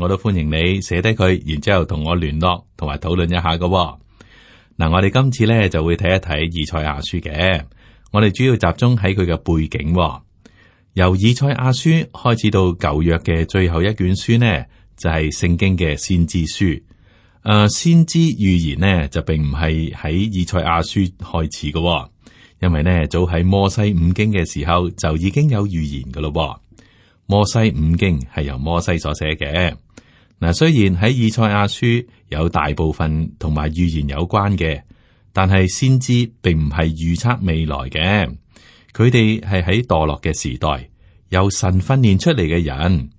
我都歡迎你寫低佢，然之後同我聯絡，同埋討論一下嘅。嗱，我哋今次呢就會睇一睇以賽亞書嘅，我哋主要集中喺佢嘅背景。由以賽亞書開始到舊約嘅最後一卷書呢，就係聖經嘅先知書。誒，先知預言呢，就並唔係喺以賽亞書開始嘅，因為呢，早喺摩西五經嘅時候就已經有預言嘅咯。摩西五經係由摩西所寫嘅。嗱，雖然喺以賽亞書有大部分同埋預言有關嘅，但係先知並唔係預測未來嘅。佢哋係喺墮落嘅時代由神訓練出嚟嘅人，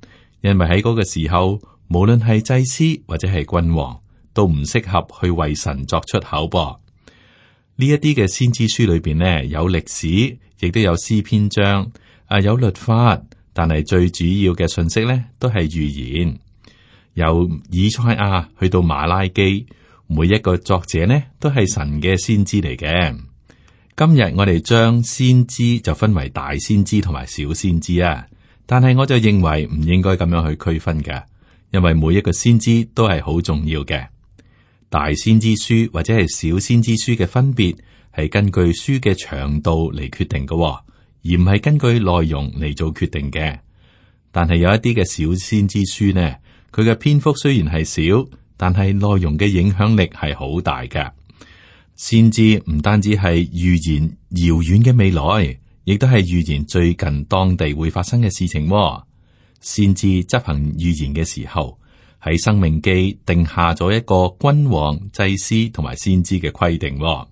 因為喺嗰個時候，無論係祭司或者係君王都唔適合去為神作出口噃。呢一啲嘅先知書裏邊呢，有歷史，亦都有詩篇章，啊，有律法。但係最主要嘅信息呢，都係預言。由以賽亞去到馬拉基，每一個作者呢，都係神嘅先知嚟嘅。今日我哋將先知就分為大先知同埋小先知啊。但係我就認為唔應該咁樣去區分嘅，因為每一個先知都係好重要嘅。大先知書或者係小先知書嘅分別係根據書嘅長度嚟決定嘅啊。而唔係根據內容嚟做決定嘅，但係有一啲嘅小先知書呢，佢嘅篇幅雖然係少，但係內容嘅影響力係好大嘅。先知唔單止係預言遙遠嘅未來，亦都係預言最近當地會發生嘅事情喎啊。先知執行預言嘅時候，喺《生命記》定下咗一個君王、祭司同埋先知嘅規定啊。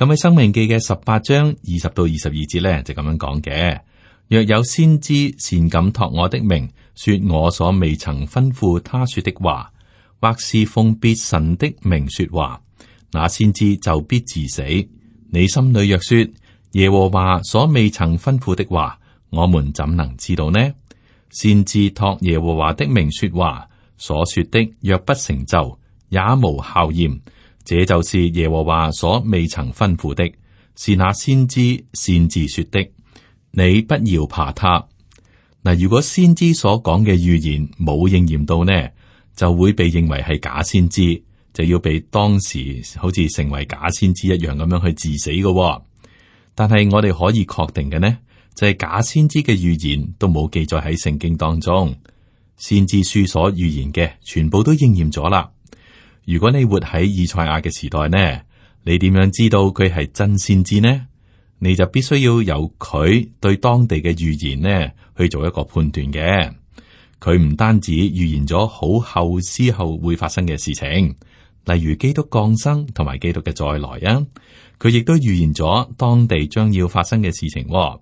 咁喺《申命記》嘅十八章二十到二十二節咧，就咁樣講嘅。若有先知擅敢託我的名，說我所未曾吩咐他說的話，或是奉別神的名說話，那先知就必治死。你心裏若說耶和華所未曾吩咐的話，我們怎能知道呢？先知託耶和華的名說話，所說的若不成就，也無效驗。這就是耶和華所未曾吩咐的，是那先知擅自說的。你不要怕他。嗱，如果先知所講嘅預言冇應驗到呢，就會被認為係假先知，就要被當時好似成為假先知一樣咁樣去致死嘅。但係我哋可以確定嘅呢，就係假先知嘅預言都冇記載喺聖經當中。先知書所預言嘅，全部都應驗咗啦。如果你活喺以賽亞嘅時代呢，你點樣知道佢係真先知呢？你就必須要由佢對當地嘅預言呢去做一個判斷嘅。佢唔單止預言咗好耐之後會發生嘅事情，例如基督降生同埋基督嘅再來啊，佢亦都預言咗當地將要發生嘅事情嗱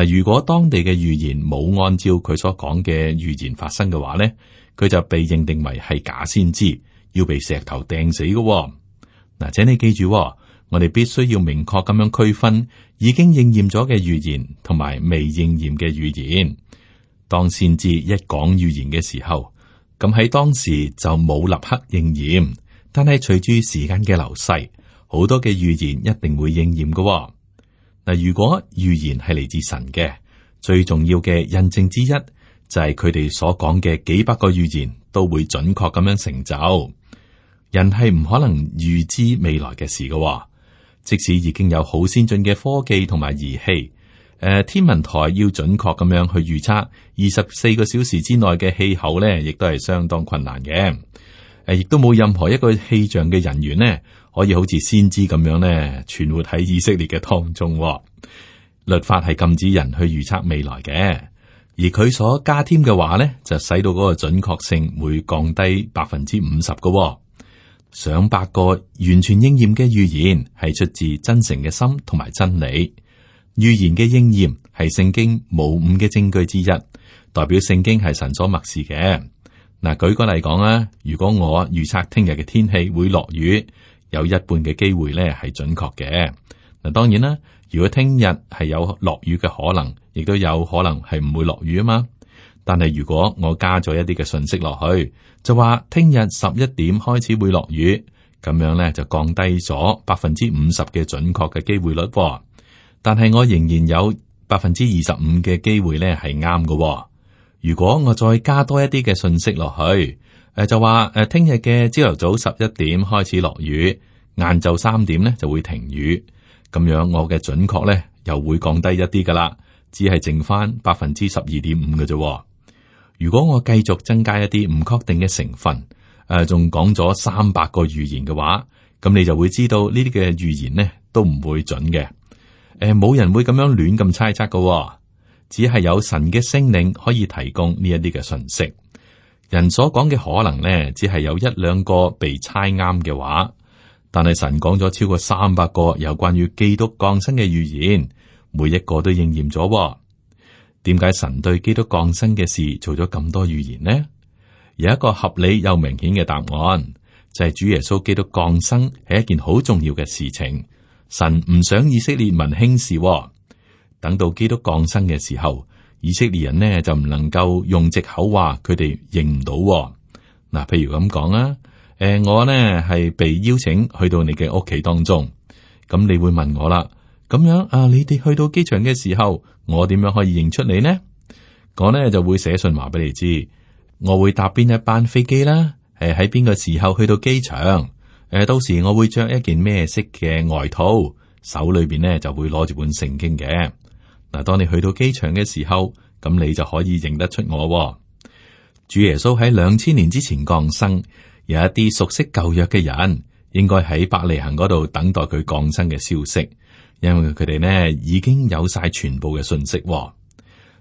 啊。如果當地嘅預言冇按照佢所講嘅預言發生嘅話呢，佢就被認定為係假先知。要被石頭掟死㗎喎。嗱，請你記住喎，我哋必須要明確咁樣區分已經應驗咗嘅預言同埋未應驗嘅預言。當先知一講預言嘅時候，咁喺當時就冇立刻應驗，但係隨住時間嘅流逝，好多嘅預言一定會應驗嘅。嗱，如果預言係嚟自神嘅，最重要嘅印證之一就係佢哋所講嘅幾百個預言都會準確咁樣成就。人係唔可能預知未來嘅事嘅。哦，即使已經有好先進嘅科技同埋儀器，誒、呃，天文台要準確咁樣去預測二十四個小時之內嘅氣候咧，亦都係相當困難嘅。誒、呃，亦都冇任何一個氣象嘅人員呢，可以好似先知咁樣呢，存活喺以色列嘅當中。哦。律法係禁止人去預測未來嘅，而佢所加添嘅話咧，就使到嗰個準確性會降低百分之五十嘅。上百個完全應驗嘅預言係出自真誠嘅心同埋真理。預言嘅應驗係聖經無誤嘅證據之一，代表聖經係神所默示嘅。嗱，舉個例講啦，如果我預測聽日嘅天氣會落雨，有一半嘅機會咧係準確嘅。嗱，當然啦，如果聽日係有落雨嘅可能，亦都有可能係唔會落雨啊嘛。但係，如果我加咗一啲嘅信息落去，就話聽日十一點開始會落雨，咁樣咧就降低咗百分之五十嘅準確嘅機會率，哦。但係我仍然有百分之二十五嘅機會咧係啱嘅。如果我再加多一啲嘅信息落去，誒，呃，就話誒聽日嘅朝頭早十一點開始落雨，晏晝三點咧就會停雨，咁樣我嘅準確咧又會降低一啲噶啦，只係剩翻百分之十二點五嘅啫。如果我繼續增加一啲唔確定嘅成分，誒、呃，仲講咗三百個預言嘅話，咁你就會知道呢啲嘅預言呢都唔會準嘅。誒、呃，冇人會咁樣亂咁猜測嘅，哦，只係有神嘅聖靈可以提供呢一啲嘅信息。人所講嘅可能呢，只係有一兩個被猜啱嘅話，但係神講咗超過三百個有關於基督降生嘅預言，每一個都應驗咗，哦。點解神對基督降生嘅事做咗咁多預言呢？有一個合理又明顯嘅答案，就係、是、主耶穌基督降生係一件好重要嘅事情。神唔想以色列民輕視，等到基督降生嘅時候，以色列人呢就唔能夠用藉口話佢哋認唔到。嗱，譬如咁講啊，誒，我呢係被邀請去到你嘅屋企當中，咁你會問我啦。咁樣啊，你哋去到機場嘅時候，我點樣可以認出你呢？我呢就會寫信話俾你知，我會搭邊一班飛機啦。誒、啊，喺邊個時候去到機場？誒、啊，到時我會着一件咩色嘅外套，手裏邊呢就會攞住本聖經嘅。嗱、啊，當你去到機場嘅時候，咁你就可以認得出我、啊。主耶穌喺兩千年之前降生，有一啲熟悉舊約嘅人，應該喺伯利恆嗰度等待佢降生嘅消息。因為佢哋呢已經有晒全部嘅信息。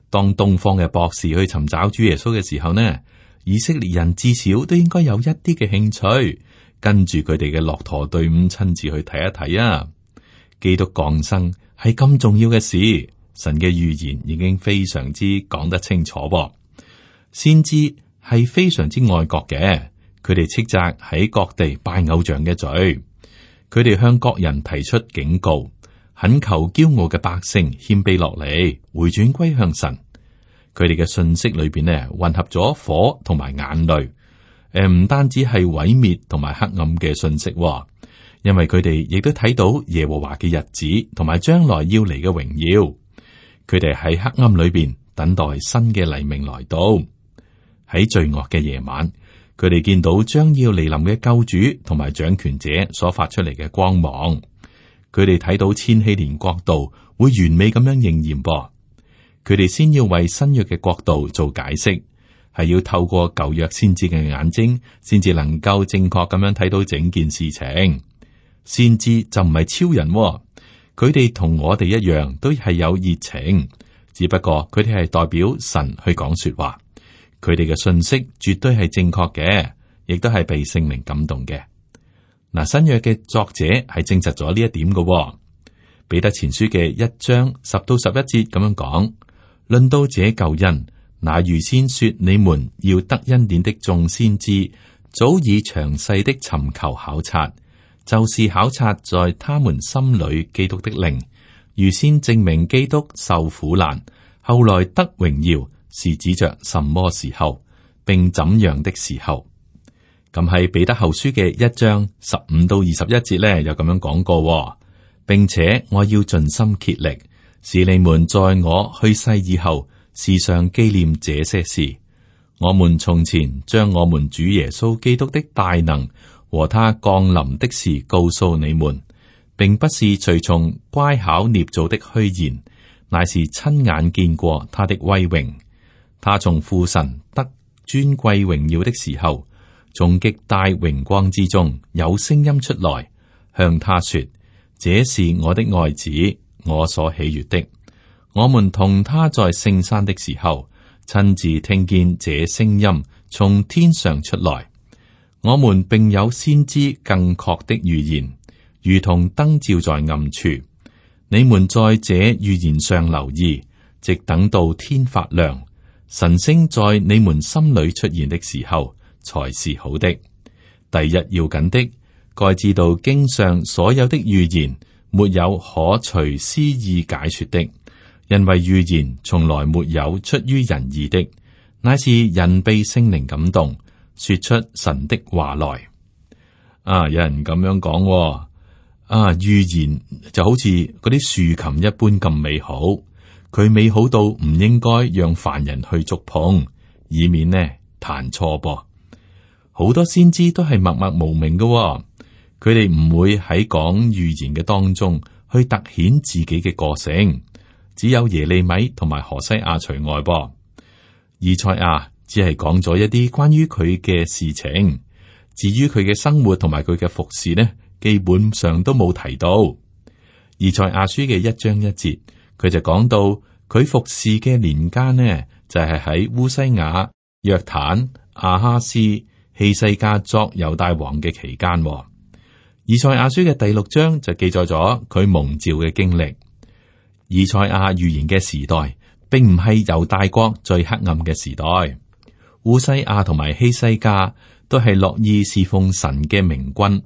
當東方嘅博士去尋找主耶穌嘅時候呢，以色列人至少都應該有一啲嘅興趣，跟住佢哋嘅駱駝隊伍親自去睇一睇啊。基督降生係咁重要嘅事，神嘅預言已經非常之講得清楚。先知係非常之愛國嘅，佢哋斥責喺各地拜偶像嘅罪，佢哋向各人提出警告。懇求驕傲嘅百姓謙卑落嚟，回轉歸向神。佢哋嘅信息裏邊咧，混合咗火同埋眼淚。誒、呃，唔單止係毀滅同埋黑暗嘅信息，哦，因為佢哋亦都睇到耶和華嘅日子同埋將來要嚟嘅榮耀。佢哋喺黑暗裏邊等待新嘅黎明來到。喺罪惡嘅夜晚，佢哋見到將要來臨嘅救主同埋掌權者所發出嚟嘅光芒。佢哋睇到千禧年國度會完美咁樣應驗噃，佢哋先要為新約嘅國度做解釋，係要透過舊約先知嘅眼睛，先至能夠正確咁樣睇到整件事情。先知就唔係超人、哦，佢哋同我哋一樣，都係有熱情，只不過佢哋係代表神去講說話，佢哋嘅信息絕對係正確嘅，亦都係被聖靈感動嘅。嗱，新約嘅作者係證實咗呢一點嘅、哦，彼得前書嘅一章十到十一節咁樣講，論到這救恩，那預先說你們要得恩典的眾先知，早已詳細的尋求考察，就是考察在他們心裏基督的靈，預先證明基督受苦難，後來得榮耀，是指着什麼時候，並怎樣的時候。咁係彼得後書嘅一章十五到二十一節呢，又咁樣講過，哦，並且我要盡心竭力，使你們在我去世以後時常紀念這些事。我們從前將我們主耶穌基督的大能和他降臨的事告訴你們，並不是隨從乖巧捏造的虛言，乃是親眼見過他的威榮。他從父神得尊貴榮耀的時候。從極大榮光之中有聲音出來，向他說：這是我的愛子，我所喜悅的。我們同他在聖山的時候，親自聽見這聲音從天上出來。我們並有先知更確的預言，如同燈照在暗處。你們在這預言上留意，直等到天發亮，晨星在你們心裏出現的時候。才是好的。第一要緊的，該知道經上所有的預言沒有可隨私意解說的，因為預言從來沒有出於人意的，乃是人被聖靈感動說出神的話來。啊，有人咁樣講、哦，啊預言就好似嗰啲豎琴一般咁美好，佢美好到唔應該讓凡人去觸碰，以免呢彈錯噃。好多先知都係默默無名嘅、哦，佢哋唔會喺講預言嘅當中去突顯自己嘅個性。只有耶利米同埋何西亞除外。噃。以賽亞只係講咗一啲關於佢嘅事情，至於佢嘅生活同埋佢嘅服侍呢，基本上都冇提到。以賽亞書嘅一章一節，佢就講到佢服侍嘅年間呢，就係喺烏西亞、約坦、亞哈斯，希西家作猶大王嘅期間，以賽亞書嘅第六章就記載咗佢蒙召嘅經歷。以賽亞預言嘅時代，並唔係猶大國最黑暗嘅時代。烏西亞同埋希西家都係樂意侍奉神嘅明君，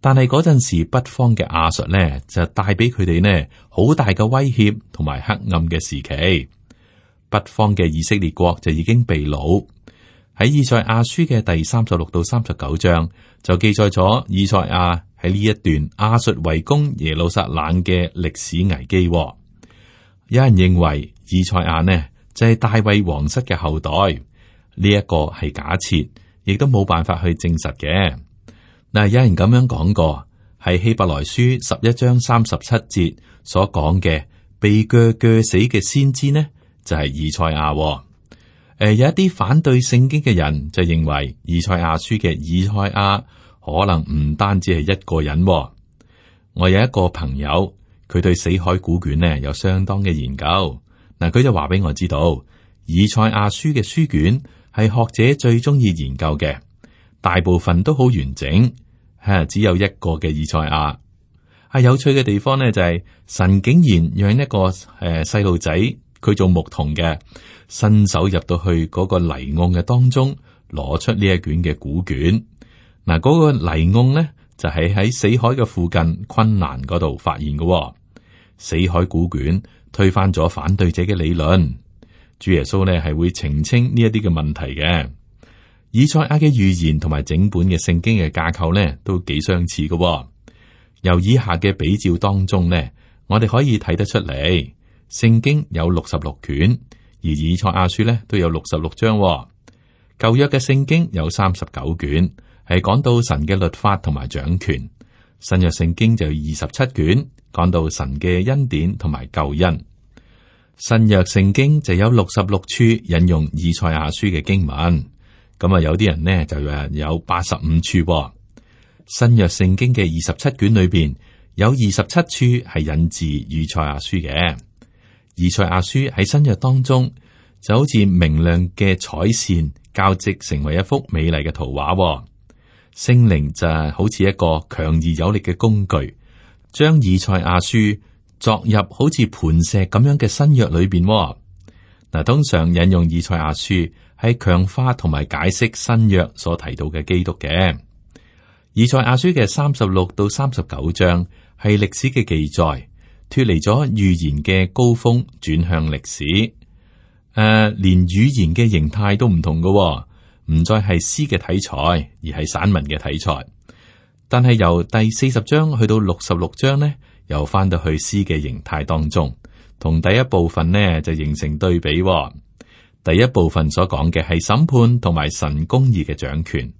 但係嗰陣時北方嘅亞述呢就帶俾佢哋呢好大嘅威脅同埋黑暗嘅時期。北方嘅以色列國就已經被擄。喺以賽亞書嘅第三十六到三十九章就記載咗以賽亞喺呢一段亞述圍攻耶路撒冷嘅歷史危機哦。有人認為以賽亞呢就係、是、大衛皇室嘅後代，呢、這、一個係假設，亦都冇辦法去證實嘅。嗱，有人咁樣講過，喺希伯來書十一章三十七節所講嘅被鋸鋸死嘅先知呢，就係、是、以賽亞哦。誒，有一啲反對聖經嘅人就認為以賽亞書嘅以賽亞可能唔單止係一個人，哦。我有一個朋友，佢對死海古卷咧有相當嘅研究，嗱，佢就話俾我知道，以賽亞書嘅書卷係學者最中意研究嘅，大部分都好完整，吓，只有一個嘅以賽亞。係有趣嘅地方呢，就是，就係神竟然養一個誒細路仔。佢做牧童嘅，伸手入到去嗰個泥瓮嘅當中，攞出呢一卷嘅古卷。嗱、那個，嗰個泥瓮咧就係、是、喺死海嘅附近昆蘭嗰度發現嘅、哦。死海古卷推翻咗反對者嘅理論。主耶穌咧係會澄清呢一啲嘅問題嘅。以賽亞嘅預言同埋整本嘅聖經嘅架構咧都幾相似嘅、哦。由以下嘅比照當中咧，我哋可以睇得出嚟。聖經有六十六卷，而以賽亞書咧都有六十六章。舊約嘅聖經有三十九卷，係講到神嘅律法同埋掌權；新約聖經就二十七卷，講到神嘅恩典同埋救恩。新約聖經就有六十六處引用以賽亞書嘅經文，咁啊有啲人呢，就有八十五處。新約聖經嘅二十七卷裏邊有二十七處係引自以賽亞書嘅。以賽亞書喺新約當中，就好似明亮嘅彩線交織成為一幅美麗嘅圖畫。聖靈就好似一個強而有力嘅工具，將以賽亞書作入好似磐石咁樣嘅新約裏邊。嗱，通常引用以賽亞書係強化同埋解釋新約所提到嘅基督嘅。以賽亞書嘅三十六到三十九章係歷史嘅記載。脫離咗預言嘅高峰，轉向歷史。誒、啊，連語言嘅形態都唔同㗎喎，唔再係詩嘅體裁，而係散文嘅體裁。但係由第四十章去到六十六章呢，又返到去詩嘅形態當中，同第一部分呢，就形成對比喎。第一部分所講嘅係審判同埋神公義嘅掌權，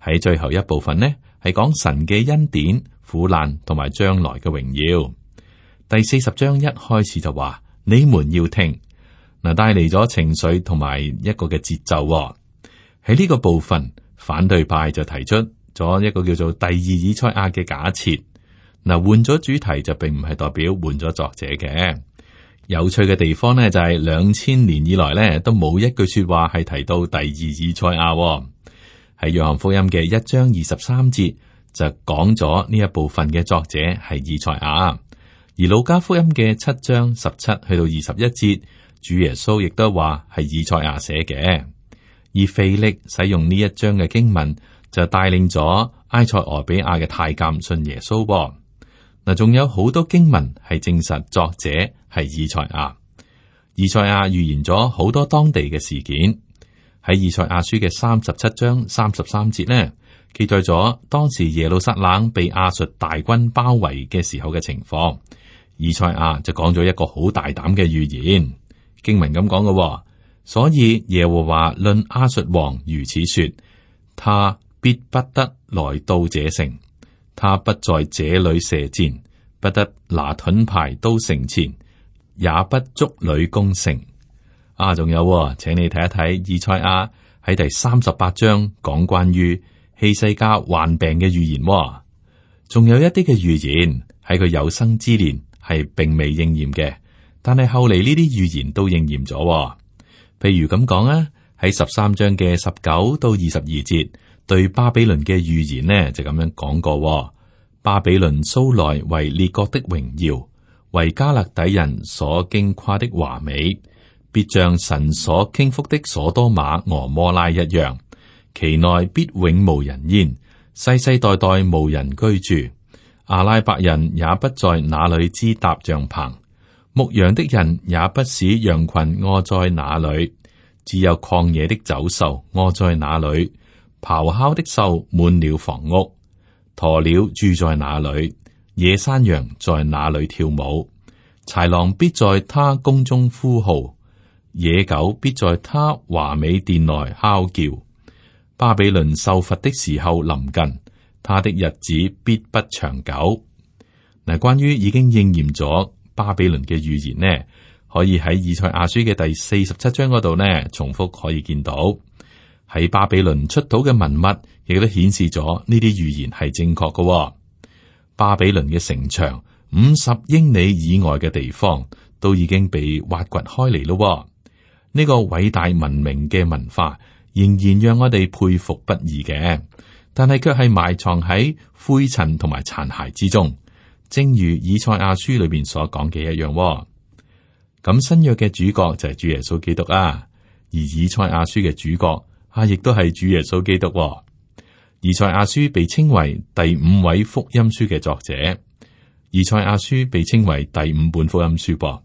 喺最後一部分呢，係講神嘅恩典、苦難同埋將來嘅榮耀。第四十章一開始就話，你們要聽嗱，帶嚟咗情緒同埋一個嘅節奏。喺呢個部分，反對派就提出咗一個叫做第二以賽亞嘅假設嗱，換咗主題就並唔係代表換咗作者嘅。有趣嘅地方呢，就係兩千年以來呢，都冇一句說話係提到第二以賽亞。喺約翰福音嘅一章二十三節就講咗呢一部分嘅作者係以賽亞。而《路加福音》嘅七章十七去到二十一節，主耶穌亦都話係以賽亞寫嘅。而腓力使用呢一章嘅經文，就帶領咗埃塞俄比亞嘅太監信耶穌噃。嗱，仲有好多經文係證實作者係以賽亞。以賽亞預言咗好多當地嘅事件。喺以賽亞書嘅三十七章三十三節咧，記載咗當時耶路撒冷被亞述大軍包圍嘅時候嘅情況。以賽亞就講咗一個好大膽嘅預言，經文咁講嘅，所以耶和華論亞述王如此說：他必不得來到這城，他不在這裏射箭，不得拿盾牌都城前，也不足女攻城。啊，仲有，請你睇一睇以賽亞喺第三十八章講關於希西家患病嘅預言。哇，仲有一啲嘅預言喺佢有生之年，係並未應驗嘅，但係後嚟呢啲預言都應驗咗、哦。譬如咁講啊，喺十三章嘅十九到二十二節，對巴比倫嘅預言呢就咁樣講過、哦：巴比倫素來為列國的榮耀，為加勒底人所矜誇的華美，必像神所傾覆的索多瑪俄摩拉一樣，其內必永無人煙，世世代代無人居住。阿拉伯人也不在那裏支搭帳篷，牧羊的人也不使羊群臥在那裏，只有曠野的走獸臥在那裏，咆哮的獸滿了房屋，鴕鳥住在那裏，野山羊在那裏跳舞，豺狼必在他宮中呼號，野狗必在他華美殿內嚎叫，巴比倫受罰的時候臨近。他的日子必不長久。嗱，關於已經應驗咗巴比倫嘅預言呢，可以喺以賽亞書嘅第四十七章嗰度呢重複可以見到。喺巴比倫出土嘅文物亦都顯示咗呢啲預言係正確嘅。巴比倫嘅城牆五十英里以外嘅地方都已經被挖掘開嚟咯。呢個偉大文明嘅文化仍然讓我哋佩服不已嘅。但係，卻係埋藏喺灰塵同埋殘骸之中，正如以賽亞書裏邊所講嘅一樣哦。咁新約嘅主角就係主耶穌基督啊，而以賽亞書嘅主角啊，亦都係主耶穌基督哦。以賽亞書被稱為第五位福音書嘅作者，以賽亞書被稱為第五本福音書哦。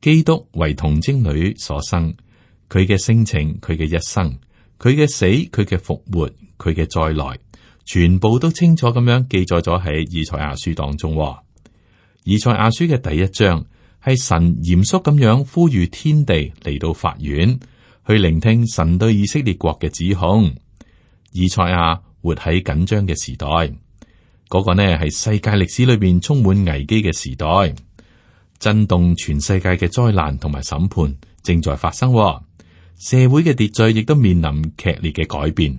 噃，基督為童貞女所生，佢嘅性情，佢嘅一生，佢嘅死，佢嘅復活。佢嘅再來，全部都清楚咁樣記載咗喺以賽亞書當中，哦。以賽亞書嘅第一章係神嚴肅咁樣呼籲天地嚟到法院去聆聽神對以色列國嘅指控。以賽亞活喺緊張嘅時代，嗰個呢係世界歷史裏邊充滿危機嘅時代，震動全世界嘅災難同埋審判正在發生，哦，社會嘅秩序亦都面臨劇烈嘅改變。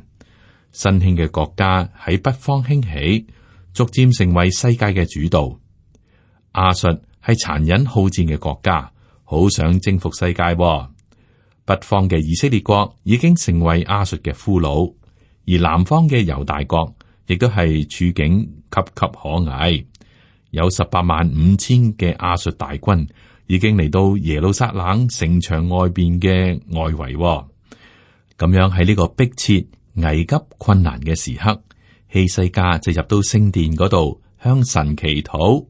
新興嘅國家喺北方興起，逐漸成為世界嘅主導。亞述係殘忍好戰嘅國家，好想征服世界，哦。北方嘅以色列國已經成為亞述嘅俘虜，而南方嘅猶大國亦都係處境岌岌可危。有十八萬五千嘅亞述大軍已經嚟到耶路撒冷城牆外邊嘅外圍，哦，咁樣喺呢個逼切危急困難嘅時刻，希西家就入到聖殿嗰度向神祈禱，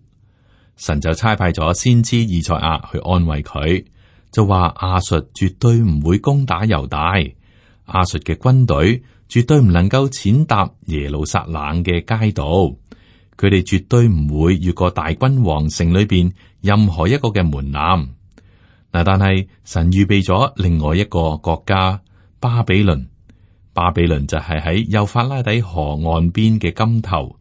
神就差派咗先知以賽亞去安慰佢，就話亞述絕對唔會攻打猶大，亞述嘅軍隊絕對唔能夠踐踏耶路撒冷嘅街道，佢哋絕對唔會越過大君王城裏邊任何一個嘅門檻。嗱，但係神預備咗另外一個國家巴比倫。巴比倫就係喺幼發拉底河岸邊嘅金頭，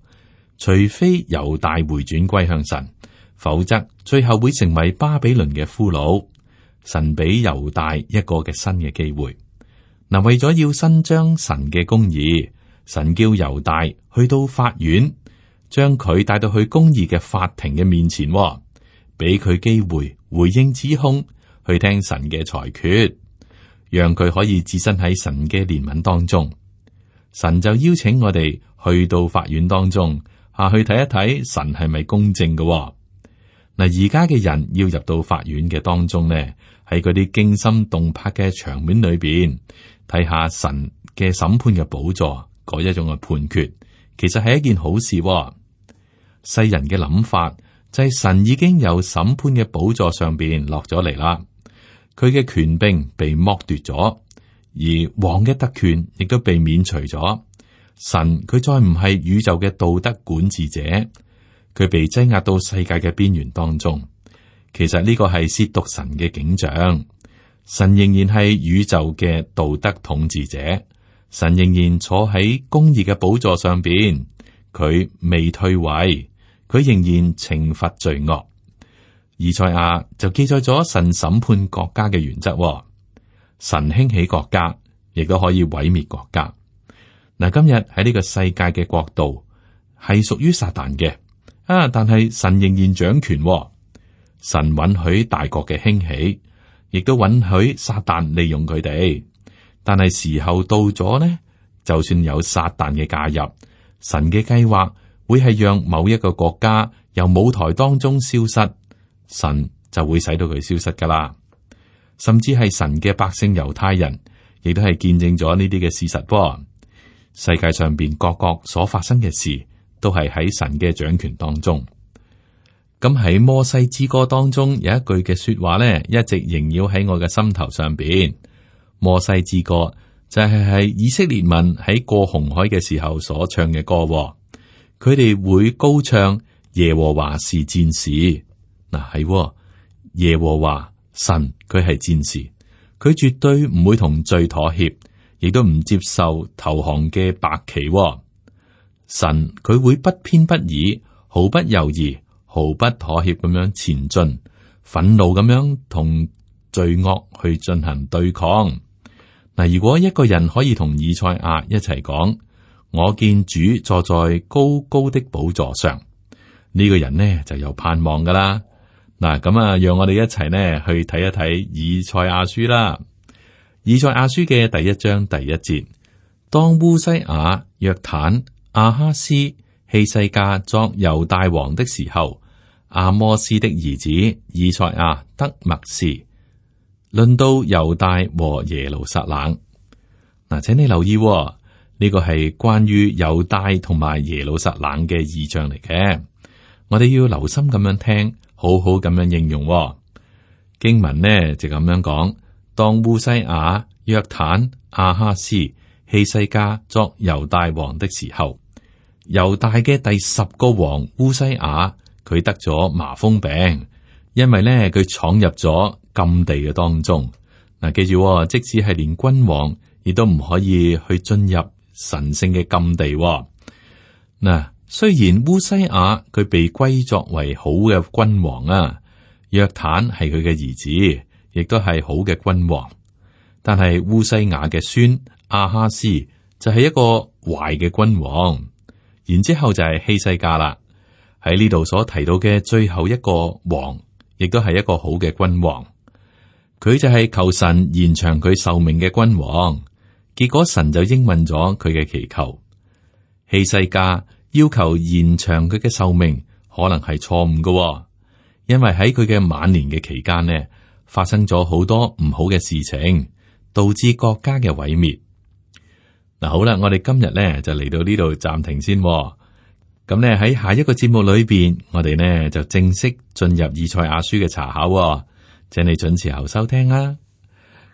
除非猶大回轉歸向神，否則最後會成為巴比倫嘅俘虜。神俾猶大一個嘅新嘅機會。嗱，為咗要伸張神嘅公義，神叫猶大去到法院，將佢帶到去公義嘅法庭嘅面前，俾佢機會回應指控，去聽神嘅裁決。讓佢可以置身喺神嘅憐憫當中，神就邀請我哋去到法院當中，下去睇一睇神係咪公正嘅喎。嗱，而家嘅人要入到法院嘅當中呢，喺嗰啲驚心動魄嘅場面裏邊，睇下神嘅審判嘅寶座嗰一種嘅判決，其實係一件好事喎。世人嘅諗法就係、是、神已經有審判嘅寶座上邊落咗嚟啦。佢嘅權柄被剝奪咗，而王嘅特權亦都被免除咗。神佢再唔係宇宙嘅道德管治者，佢被擠壓到世界嘅邊緣當中。其實呢個係褻瀆神嘅景象。神仍然係宇宙嘅道德統治者，神仍然坐喺公義嘅寶座上邊，佢未退位，佢仍然懲罰罪惡。以賽亞就記載咗神審判國家嘅原則，哦，神興起國家，亦都可以毀滅國家。嗱，今日喺呢個世界嘅國度係屬於撒旦嘅啊，但係神仍然掌權，哦，神允許大國嘅興起，亦都允許撒旦利用佢哋。但係時候到咗呢，就算有撒旦嘅介入，神嘅計劃會係讓某一個國家由舞台當中消失。神就會使到佢消失噶啦，甚至係神嘅百姓猶太人，亦都係見證咗呢啲嘅事實噃。世界上邊各國所發生嘅事，都係喺神嘅掌權當中。咁喺摩西之歌當中有一句嘅說話呢，一直縈繞喺我嘅心頭上邊。摩西之歌就係、是、係以色列民喺過紅海嘅時候所唱嘅歌，佢哋會高唱耶和華是戰士。係耶和華神佢係戰士，佢絕對唔會同罪妥協，亦都唔接受投降嘅白旗。神佢會不偏不倚，毫不猶豫，毫不妥協咁樣前進，憤怒咁樣同罪惡去進行對抗。嗱，如果一個人可以同以賽亞一齊講，我見主坐在高高的寶座上，呢個人呢就有盼望噶啦。嗱，咁啊，讓我哋一齊呢去睇一睇以賽亞書啦。以賽亞書嘅第一章第一節，當烏西雅、約坦、亞哈斯、希西家作猶大王的時候，亞摩斯的兒子以賽亞得默示，論到猶大和耶路撒冷嗱。請你留意呢個係關於猶大同埋耶路撒冷嘅異象嚟嘅。我哋要留心咁樣聽。好好咁樣應用、哦、經文呢？就咁樣講，當烏西雅、約坦、亞哈斯、希西家作猶大王的時候，猶大嘅第十個王烏西雅佢得咗麻風病，因為呢佢闖入咗禁地嘅當中。嗱、啊，記住、哦，即使係連君王亦都唔可以去進入神聖嘅禁地、哦。嗱、啊。雖然烏西雅佢被歸作為好嘅君王啊，約坦係佢嘅兒子，亦都係好嘅君王。但係烏西雅嘅孫阿哈斯就係、是、一個壞嘅君王。然之後就係希西家啦，喺呢度所提到嘅最後一個王，亦都係一個好嘅君王。佢就係求神延長佢壽命嘅君王，結果神就應允咗佢嘅祈求。希西家。要求延長佢嘅壽命，可能係錯誤嘅，因為喺佢嘅晚年嘅期間呢，發生咗好多唔好嘅事情，導致國家嘅毀滅。嗱，好啦，我哋今日咧就嚟到呢度暫停先，哦，咁咧喺下一個節目裏邊，我哋呢就正式進入以賽亞書嘅查考，哦，請你準時候收聽啦，啊。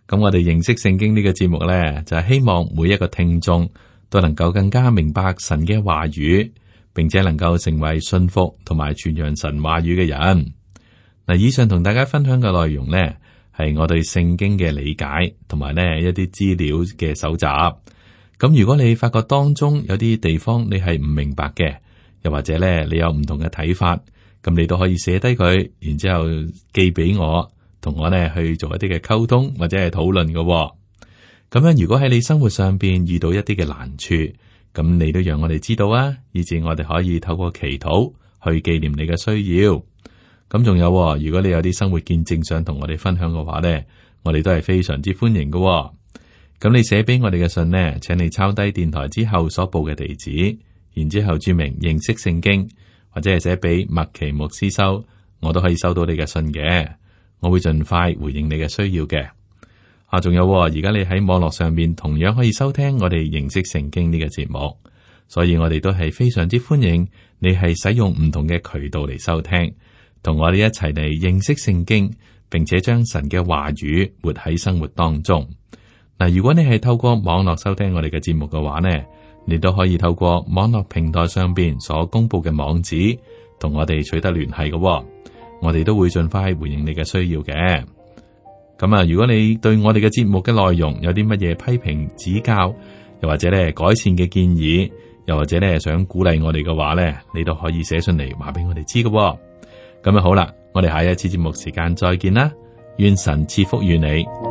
咁我哋認識聖經呢、這個節目咧，就係希望每一個聽眾。都能夠更加明白神嘅話語，並且能夠成為信服同埋傳揚神話語嘅人。嗱，以上同大家分享嘅內容呢，係我對聖經嘅理解同埋呢一啲資料嘅搜集。咁如果你發覺當中有啲地方你係唔明白嘅，又或者呢你有唔同嘅睇法，咁你都可以寫低佢，然之後寄俾我，同我呢去做一啲嘅溝通或者係討論嘅。咁樣，如果喺你生活上邊遇到一啲嘅難處，咁你都讓我哋知道啊，以至我哋可以透過祈禱去紀念你嘅需要。咁仲有，如果你有啲生活見證想同我哋分享嘅話呢，我哋都係非常之歡迎嘅。咁你寫俾我哋嘅信呢，請你抄低電台之後所報嘅地址，然之後注明認識聖經，或者係寫俾麥奇牧師收，我都可以收到你嘅信嘅，我會盡快回應你嘅需要嘅。啊，仲有哦，而家你喺網絡上面同樣可以收聽我哋認識聖經呢個節目，所以我哋都係非常之歡迎你係使用唔同嘅渠道嚟收聽，同我哋一齊嚟認識聖經，並且將神嘅話語活喺生活當中。嗱，如果你係透過網絡收聽我哋嘅節目嘅話呢，你都可以透過網絡平台上邊所公布嘅網址，同我哋取得聯繫嘅哦，我哋都會盡快回應你嘅需要嘅。咁啊，如果你對我哋嘅節目嘅內容有啲乜嘢批評指教，又或者咧改善嘅建議，又或者咧想鼓勵我哋嘅話咧，你都可以寫信嚟話俾我哋知嘅。咁啊，好啦，我哋下一次節目時間再見啦，願神賜福與你。